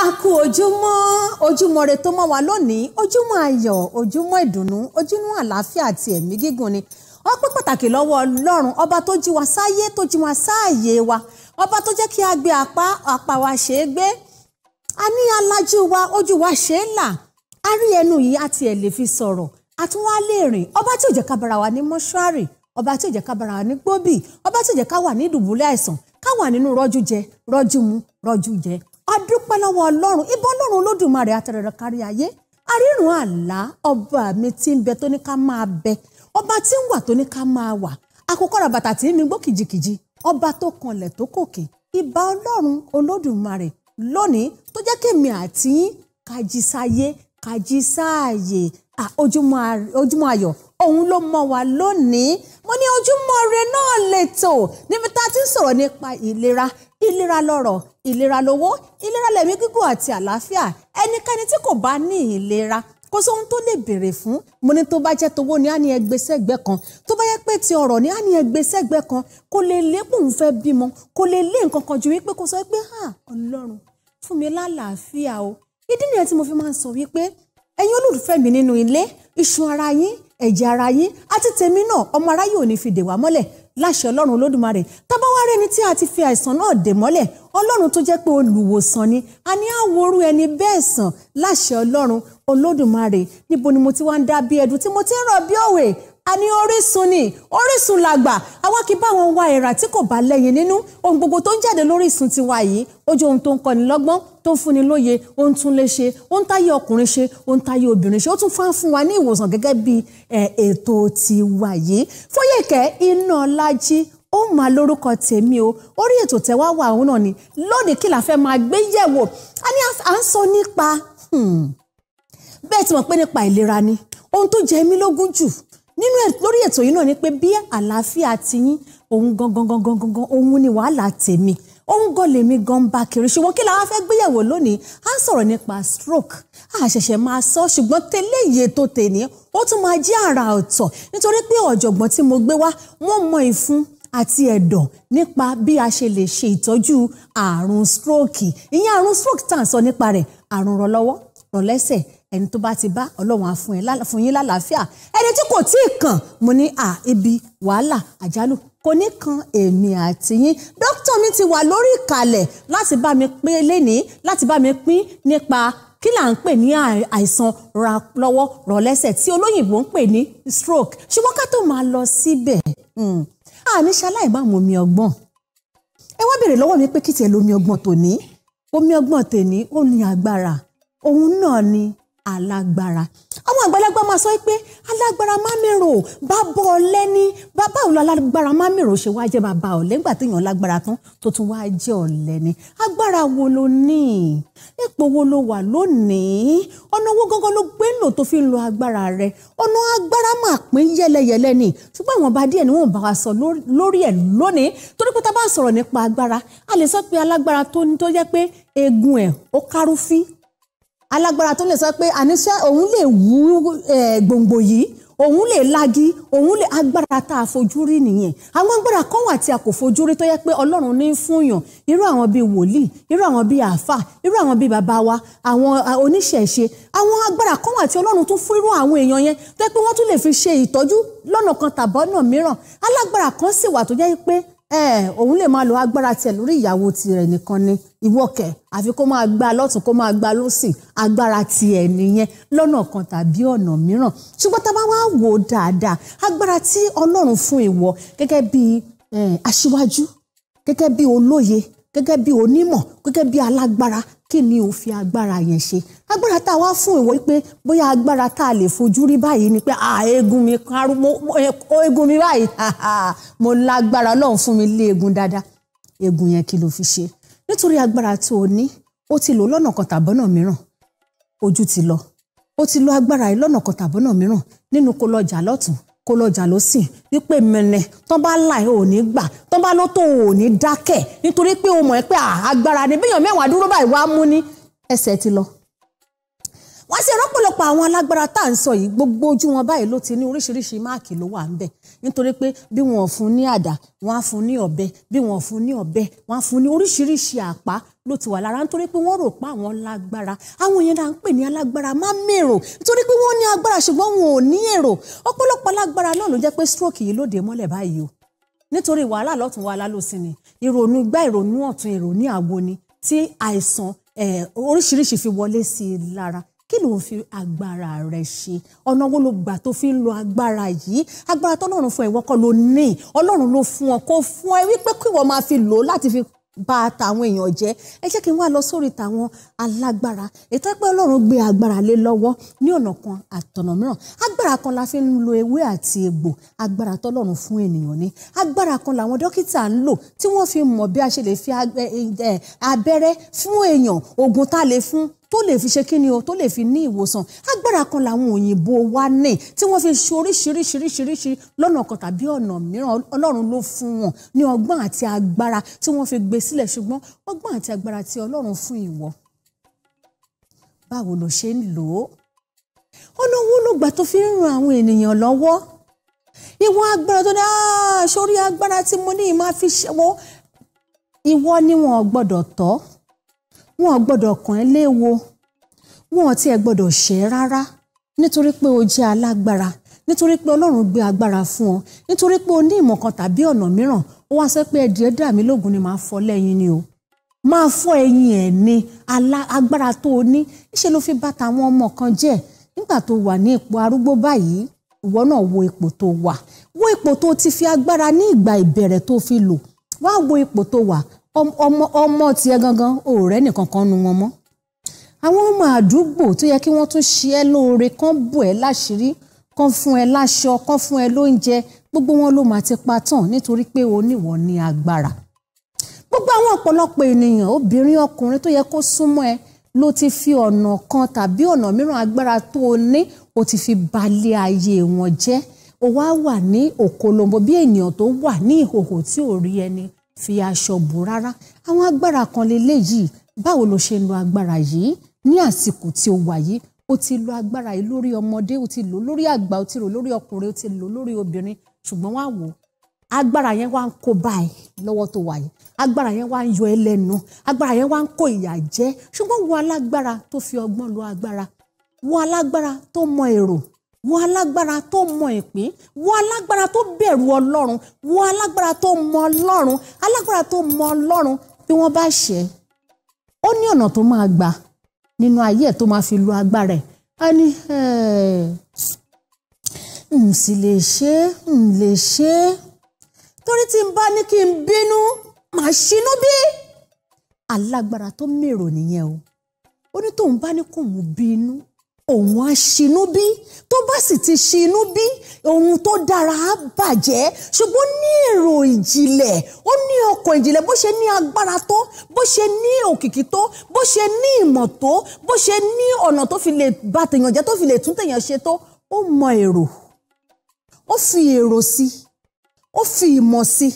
a kú ojúmọ́ ojúmọ́ re tó mọ́ wa lónìí ojúmọ́ ayọ̀ ojúmọ́ ìdùnnú ojúmọ́ àlàáfíà àti ẹ̀mí gígùn ni ọpẹ́ pàtàkì lọ́wọ́ ọlọ́run ọba tó jí wa sáyé tó jí wa sáàyè wa ọba tó jẹ́ kí a gbé apá apá wa ṣe é gbé a ní alájú wa ojú wa ṣe é là a rí ẹnu yìí àti ẹ̀ lè fi sọ̀rọ̀ a tún wá lè rìn ọba tí ò jẹ́ ká bára wa ní mọ́ṣúárì ọba tí ò jẹ́ ká bára wa ní gbóbì ọba tí ò jẹ́ ká wà ní ìdùbúlẹ̀ àìsàn ká wà nínú rọ́jú jẹ rọ́jú mu rọ́jú jẹ lọ́wọ́ ọlọ́run ìbọn ọlọ́run olódùmarè àtẹrẹrẹ kárí ayé arírun àlá ọba mi ti ń bẹ tó ní ká máa bẹ ọba tí ń wà tó ní ká máa wà àkókò ràbàtà tí ń mi gbó kìjikìji ọba tó kanlẹ̀ tó kòkè ìbà ọlọ́run olódùmarè lónìí tó jẹ́ kémi àti yín ká jí ayọ̀ òun ló mọ wà lónìí mo ní ojúmọ́ ire náà lètò níbi tá a ti ń sọ̀rọ̀ nípa ìlera ìlera lọ́rọ̀ ìlera lówó ìlera lẹ̀mí gígùn àti àlàáfíà ẹnikẹ́ni tí kò bá ní ìlera kò sóhun tó lè béèrè fún mo ní tó bá jẹ́ towó ni á ní ẹgbẹ́ sẹ́gbẹ́ kan tó bá yẹ pé ti ọ̀rọ̀ ni á ní ẹgbẹ́ sẹ́gbẹ́ kan kò lè lépùn fẹ́ bímọ kò lè lé nǹkan kan ju wípé kò sọ pé ha fún mi lálàáfíà o ìdí nìyẹn tí mo fi máa ń sọ wípé ẹ̀yin olólùfẹ́ mi nínú ilé iṣan ara yín ẹ̀jẹ̀ ara yín àti tèmi náà ọmọ aráyé ò ní fi dè wá mọ́lẹ̀ láṣẹ ọlọ́run olódùmarè tábáwárẹ́ ni tí a ti fi àìsàn náà dè mọ́lẹ̀ ọlọ́run tó jẹ́ pé olùwòsàn ni a ní àwòrú ẹni bẹ́ẹ̀ sàn láṣẹ ọlọ́run olódùmarè níbo ni mo ti wá ń dá bí ẹdun tí mo ti ń rọ̀ bí òwe a ní orísun ni orísun làgbà àwa kì í bá wọn wá ẹ̀rà tí kò bá lẹ́yìn nínú ohun gbogbo tó ń jáde lórísun tiwa yìí ó ohun tó ń kọ́ni lọ́gbọ́n tó ń fúnni lóye ó ń tún lé ṣe ó ń táyé ọkùnrin ṣe ó ń táyé obìnrin ṣe ó tún fún fún wa ní ìwòsàn gẹ́gẹ́ bí ètò tiwa yìí Fóyèkẹ́ Ináolájí ó mà lórúkọ tèmi o orí ètò tẹ́wá wà òun náà ni lónìí kí la fẹ́ máa gbé yẹ̀wò a ní à ń sọ nípa hmm, bẹ́ẹ̀ tí mo pé nípa ìlera ni ohun tó jẹ mí lógún jù nínú lórí ètò yìí náà ni pé bí àlàáfíà ti yín òun gangan gangan gangan òun ni wàhálà tèmi òun gan lèmi gan bá kiri ṣùgbọ́n kí la wá fẹ́ gbéyẹ̀wò lónìí à ń sọ̀rọ̀ nípa stroke a ṣẹ̀ṣẹ̀ máa sọ ṣùgbọ́n tẹ́lẹ̀ iye tó tèní ó tún máa jẹ́ àrà ọ̀tọ̀ nítorí pé ọ̀jọ̀gbọ́n tí mo gbé wá wọ́n mọ ìfun àti ẹ̀dọ̀ nípa bí a ṣe lè ṣe ìtọ́jú àrùn stroke ìyẹn àrùn stroke tá à ń sọ nípa rẹ̀ àrùn rọlọ́wọ́ rọlẹ́sẹ̀ ẹni tó bá ti bá ọlọ́run á fún yín lálàáfíà ẹni tí kò tí ì kàn mo ní à ibi wàhálà àjálù kò ní kan èmi àti yín dókítà yín ti wà lórí ìkàlẹ̀ láti bá mi pín lénìí láti bá mi pín nípa kí là ń pè ní àìsàn ra lọ́wọ́ rọ̀ lẹ́sẹ̀ tí olóyìnbó ń pè ní stroke ṣùgbọ́n ká tó máa lọ síbẹ̀ àní hmm, ṣaláì má mu omi ọgbọ́n ẹ wá béèrè lọ́wọ́ mi pé kí tiẹ̀ lomi ọgbọ́n tòní omi ọgbọ́n tòní ó ní agbára òun náà ni alágbára àwọn àgbàlagbà máa sọ pé alágbára má mèrò bàbá ọ̀lẹ ni bàbá òun alágbára má mèrò ṣe wá jẹ́ bàbá ọ̀lẹ nígbà téèyàn lágbára tán tó tún wá jẹ́ ọ̀lẹ ni agbára wo ló ní ipò wo ló wà lónìí ọ̀nà owó gángan ló gbé lò tó fi ń lo agbára rẹ ọ̀nà agbára máa pín yẹlẹyẹlẹ ni ṣùgbọ́n àwọn ọba díẹ̀ ni wọ́n bá wa sọ lórí ẹ̀ lónìí torí pé tá a bá sọ̀rọ̀ nípa agbára a lè sọ pé alágbára tó ní tó jẹ́ pé eegun ẹ̀ ó kárú fín alágbára tó lè sọ pé àníṣe òun lè wú gbòǹgbò yìí òun lè lagi òun lè agbára tá a fojú rí nìyẹn àwọn agbára kan wà tí a kò fojú rí tó yẹ pé Ọlọ́run ní í fún yàn irú àwọn bíi wòlíì irú àwọn bíi àáfà irú àwọn bíi bàbá wa àwọn oníṣẹ̀ṣe àwọn agbára kan wà tí Ọlọ́run tún fún irú àwọn èèyàn yẹn tó yẹ pé wọ́n tún lè fi ṣe ìtọ́jú lọ́nà kan tàbọ́nà mìíràn alágbára kan sì wà tó yẹ pé òun lè máa lo agbára tiẹ̀ lórí ìyàwó tirẹ̀ nìkan ni ìwọ́kẹ̀ àfi kó máa gba lọ́tún kó máa gba lọ́sìn agbára tiẹ̀ nìyẹn lọ́nà kan tàbí ọ̀nà mìíràn ṣùgbọ́n tá a bá wá wò ó dáadáa agbára tí Ọlọ́run fún ìwọ gẹ́gẹ́ bí aṣíwájú gẹ́gẹ́ bí olóye gẹ́gẹ́ bí onímọ̀ gẹ́gẹ́ bí alágbára kí ni o fi agbára yẹn ṣe agbára tá a wá fún ìwọ pé bóyá agbára tá a lè fojú rí báyìí ni pé ah, eegun mi karu mo eegun mi báyìí mo lágbára Ọlọ́run fún mi lé eegun dáadáa eegun yẹn kí ló fi ṣe nítorí agbára tó o ní o ti lò lọ́nà kan tàbọ́nà mìíràn ojú ti lọ o ti lo agbára yìí lọ́nà kan tàbọ́nà mìíràn nínú kó lọ jà lọ́tún kó lọ́jà ló sìn wípé mẹ́nẹ̀ tán bá láì ò ní gbà tán bá lọ́tò ò ní dákẹ́ nítorí pé o mọ̀ ẹ́ pé agbára ni bíyàn mẹ́wàá dúró báyìí wá mú ní ẹsẹ̀ ti lọ. wá sí ọ̀pọ̀lọpọ̀ àwọn alágbára tá à ń sọ yìí gbogbo ojú wọn báyìí ló ti ní oríṣiríṣi máàkì ló wà ń bẹ̀ nítorí pé bí wọn ò fún ní àdá wọn á fún ní ọ̀bẹ bí wọn ò fún ní ọ̀bẹ wọn á fún ní oríṣiríṣi àpá ló ti wà lára nítorí pé wọn rò pé àwọn lágbára àwọn yẹn náà ń pè ní alágbára má mèrò nítorí pé wọn ní agbára ṣùgbọ́n wọn ò ní èrò ọ̀pọ̀lọpọ̀ alágbára náà ló jẹ́ pé stroke yìí lóde mọ́lẹ̀ báyìí o nítorí wàhálà lọ́tún wàhálà lósì ni ìrònú gbá ìrònú ọ̀tún ìrònú àgbo ni tí àìsàn eh, oríṣiríṣi fi wọlé sí i lára kí ló ń fi agbára rẹ ṣe ọ̀nà wo ló gbà tó fi ń lo agbára yìí agbára tọ́lọ́run fún ẹ ìwọ kọ́ ló ní ọlọ́run ló fún ọ kó fún ẹ wípé kí ìwọ máa fi lò ó láti fi bá tàwọn èèyàn jẹ́ ẹ jẹ́ kí n wá lọ sórí tàwọn alágbára ètò pé ọlọ́run gbé agbára lé lọ́wọ́ ní ọ̀nà kan àtọ̀nà mìíràn agbára kan la fi ń lo ewé àti egbò agbára tọ́lọ́run fún ènìyàn ni agbára kan làwọn dókítà ń lò tí wọ́n fi mọ̀ bí a ṣe lè fi abẹ́rẹ́ fún èèyàn oògùn tá a lè fún tó lè fi ṣe kí ni o tó lè fi ní ìwòsàn agbára kan làwọn òyìnbó wa ní tí wọ́n fi ṣe oríṣiríṣiríṣiríṣi lọ́nà kan tàbí ọ̀nà mìíràn ọlọ́run ló fún wọn ní ọgbọ́n àti agbára tí wọ́n fi gbé sílẹ̀ ṣùgbọ́n ọgbọ́n àti agbára tí ọlọ́run fún ìwọ báwo ló ṣe ń lò ó ọ̀nà wo tó fi ń ran àwọn ènìyàn lọ́wọ́ ìwọ agbára tó dá ah, sórí agbára tí mo ní ìmọ̀ àfiṣẹ́wọ́ ìwọ ni wọn gbọ́dọ̀ tọ́ wọn ò gbọ́dọ̀ kàn ẹ́ léèwo wọn ò tiẹ̀ gbọ́dọ̀ ṣẹ́ rárá nítorí pé o jẹ́ alágbára nítorí pé ọlọ́run gbé agbára fún ọ nítorí pé o ní ìmọ̀ tàbí ọ̀nà mìíràn ó wá sọ pé ẹ̀dìẹ́ dà mí lógun ni màá fọ́ lẹ́yìn ni o máa fọ́ ẹ̀yìn ẹ̀ ni agbára tó o ní ṣe ló fi bá tàwọn ọmọ kan jẹ́ nígbà tó wà ní ipò arúgbó báyìí ìwọ náà wo ipò tó wà wo ipò tó ti fi agbára ní ìgbà ìbẹ̀rẹ̀ tó fi lò wá wo ipò tó wà ọmọ ọmọ tiẹ̀ gangan òòrẹ́ nìkan kan nu wọn mọ́ àwọn ọmọ àdúgbò tó yẹ kí wọ́n tún ṣe ẹ́ lóore kán bò ẹ́ láṣìírí kán fún ẹ láṣọ kán fún ẹ lóúnjẹ gbogbo wọn ló máa ti pa tán nítorí pé oníwọ̀ ní agbára gbogbo àwọn ọ̀pọ̀lọpọ̀ ènìyàn obìnrin ọkùnrin tó yẹ kó súnmọ́ ẹ ló ti fi ọ̀nà kan tàbí ọ̀nà mìíràn agbára tó o ní o ti fi balẹ̀ ayé wọn jẹ́ o wá wà ní òkolombo bí ènìyàn tó wà ní ìhòhò tí ò rí ẹni fi aṣọ bò rárá àwọn agbára kan lélẹ́yìí báwo lo ṣe ń lo agbára yìí ní àsìkò tí o wà yìí o ti lo agbára yìí lórí ọmọdé o ti lò lórí àgbà o ti lò lórí ọkùnrin o ti lò lórí obìnrin ṣùgbọ́n wá wò agbára yẹn wá ń kó báyìí lọ́wọ́ tó wà yìí agbára yẹn wá ń yọ ẹ́ agbára yẹn wá ń kó ìyà jẹ ṣùgbọ́n wo alágbára tó fi ọgbọ́n lo agbára wo alágbára tó mọ èrò wọ́n alágbára tó mọ ìpín wọ́n alágbára tó bẹ̀rù ọlọ́run wọ́n alágbára tó mọ ọlọ́run alágbára tó mọ ọlọ́run bí wọ́n bá ṣẹ̀ ó ní ọ̀nà tó máa gbà nínú ayé ẹ̀ tó máa fi lo agbára ẹ̀ á ní n sì lè ṣe n lè ṣe torí tí n bá ní kí n bínú màá ṣínú bí alágbára tó mèrò nìyẹn o ó ní tóun bá ní kóun bínú òun á ṣinú bí tó bá sì ti ṣinú bí ohun tó dára á bàjẹ́ ṣùgbọ́n ní èrò ìjìnlẹ̀ ó ní ọkọ̀ ìjìnlẹ̀ bó ṣe ní agbára tó bó ṣe ní òkìkí tó bó ṣe ní ìmọ̀ tó bó ṣe ní ọ̀nà tó fi lè bà tèèyàn jẹ́ tó fi lè tún tèèyàn ṣe tó ó mọ èrò ó fi èrò sí ó fi ìmọ̀ sí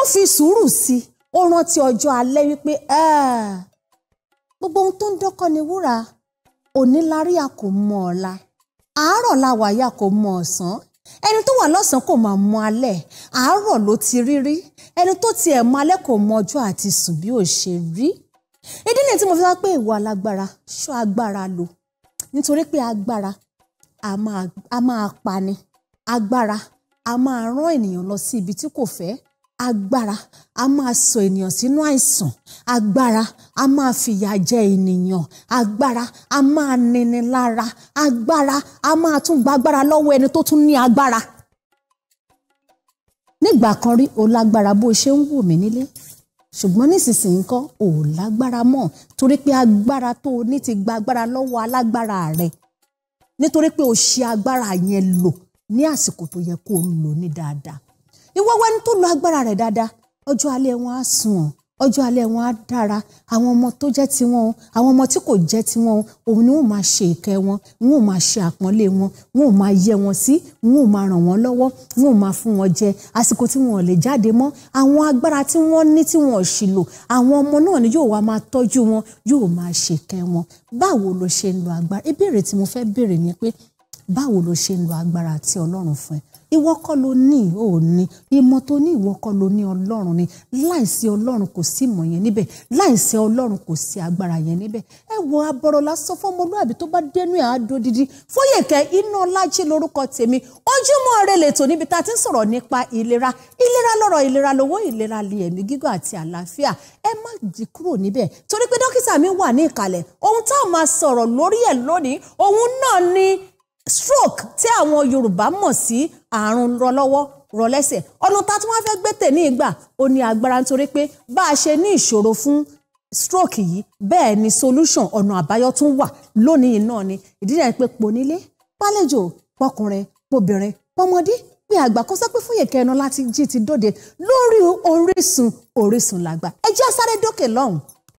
ó fi sùúrù sí ó rántí ọjọ́ alẹ́ wípé gbogbo ohun tó ń dọ́kọ ni wúrà òní la rí a kò mọ ọ̀la àárọ̀ la wà ya kò mọ ọ̀sán ẹni tó wà lọ́sàn-án kò máa mọ alẹ́ àárọ̀ ló ti rí rí ẹni tó tiẹ̀ mọ alẹ́ kò mọ ọjọ́ àti sùn bí ó ṣe rí ìdí nìyí tí mo fi wá pé ìwà lágbára ṣọ́ agbára lò nítorí pé agbára a máa pa ni agbára a máa rán ènìyàn lọ sí ibi tí kò fẹ́ agbára a máa sọ ènìyàn sínú àìsàn agbára a máa fìyà jẹ ènìyàn agbára a máa nini lára agbára a máa tún gba agbára lọ́wọ́ ẹni tó tún ní agbára. nígbà kan rí o lágbára bó o ṣe ń wò mí nílé ṣùgbọ́n nísinsìnyí kọ́ ò lágbára mọ́ torí pé agbára tó o ní ti gba agbára lọ́wọ́ alágbára rẹ̀ nítorí pé o ṣe agbára yẹn lò ní àsìkò tó yẹ kó o lò ní dáadáa ìwọ wẹni tó lo agbára rẹ̀ dáadáa ọjọ́ alẹ́ wọn á sùn ọjọ́ alẹ́ wọn á dára àwọn ọmọ tó jẹ́ tiwọn àwọn ọmọ tí kò jẹ́ tiwọn òun ni wọ́n máa ṣe ìkẹ́ wọn wọ́n máa ṣe àpọ́nlé wọn wọ́n máa yẹ wọn sí wọ́n máa ràn wọ́n lọ́wọ́ wọ́n máa fún wọn jẹ àsìkò tí wọn lè jáde mọ́ àwọn agbára tí wọ́n ní tí wọn ò lò àwọn ọmọ náà ni yóò wá máa tọ́jú wọn yóò máa ṣe ìkẹ́ wọn báwo lo ṣe ń lo agbára ìbéèrè tí mo fẹ́ béèrè ni pé báwo lo ṣe ń lo agbára tí Ọlọ́run fún ẹ ìwọ kọ́ ló ní ò ní tó ní ìwọ ló ní ọlọ́run ni láìsí ọlọ́run kò sí ìmọ̀ yẹn níbẹ̀ láìsí ọlọ́run kò sí agbára yẹn níbẹ̀ ẹ wo abọ́rọ̀ lásán fọmọlúàbí tó bá dénú ẹ̀ á dó dídí Fóyèkẹ́ Ináolájí lórúkọ tèmi ojúmọ́ ire lètò níbi tá a ti ń sọ̀rọ̀ nípa ìlera ìlera lọ́rọ̀ ìlera lówó ìlera lè ẹ̀mí gígùn àti àlàáfíà ẹ má jí kúrò níbẹ̀ torí pé dókítà mi wà ní ìkàlẹ̀ stroke tí àwọn Yorùbá mọ̀ sí àrùn rọlọ́wọ́ rọlẹ́sẹ̀ ọ̀nà tá a tún wá fẹ́ gbé tè ìgbà ó ní agbára nítorí pé bá a ṣe ní ìṣòro fún stroke yìí bẹ́ẹ̀ ni solution ọ̀nà àbáyọ tún wà lónìí náà ni ìdí rẹ̀ pé ponílé pálẹ̀jò pọkùnrin pobìnrin pọmọdé pé àgbà kó sọ pé Fúyèkẹ́ Ẹnọlá ti jí ti dóde lórí Orísun Orísun làgbà ẹ jẹ́ sáré dókè lọ́hùn-ún